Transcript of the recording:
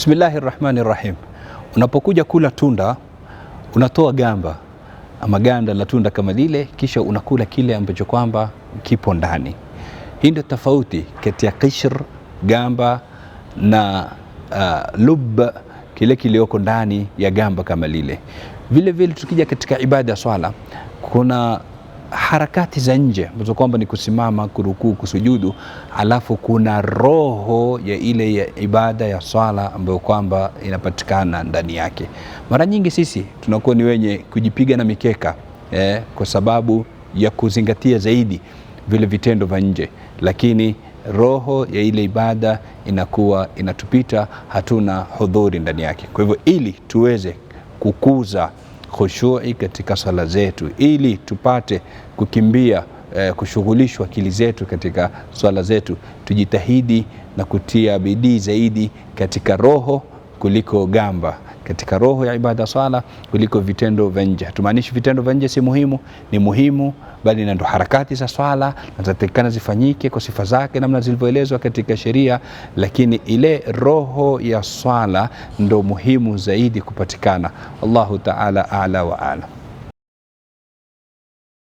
Bismillahi rahmani rahim. Unapokuja kula tunda unatoa gamba ama ganda la tunda kama lile, kisha unakula kile ambacho kwamba kipo ndani. Hii ndio tofauti kati ya qishr, gamba na uh, lub, kile kilioko ndani ya gamba kama lile. Vile vile tukija katika ibada ya swala kuna harakati za nje ambazo kwamba ni kusimama, kurukuu, kusujudu, alafu kuna roho ya ile ya ibada ya swala ambayo kwamba inapatikana ndani yake. Mara nyingi sisi tunakuwa ni wenye kujipiga na mikeka eh, kwa sababu ya kuzingatia zaidi vile vitendo vya nje, lakini roho ya ile ibada inakuwa inatupita, hatuna hudhuri ndani yake. Kwa hivyo ili tuweze kukuza khushui katika sala zetu, ili tupate kukimbia eh, kushughulishwa akili zetu katika swala zetu, tujitahidi na kutia bidii zaidi katika roho kuliko gamba katika roho ya ibada sala kuliko vitendo vya nje. Hatumaanishi vitendo vya nje si muhimu, ni muhimu, bali na ndo harakati za swala zinatakikana zifanyike kwa sifa zake namna zilivyoelezwa katika sheria, lakini ile roho ya swala ndo muhimu zaidi kupatikana. Allahu taala ala wa alam.